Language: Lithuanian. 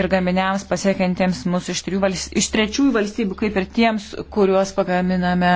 ir gaminiams pasiekiantiems mūsų iš, valstybių, iš trečiųjų valstybių, kaip ir tiems, kuriuos pagaminame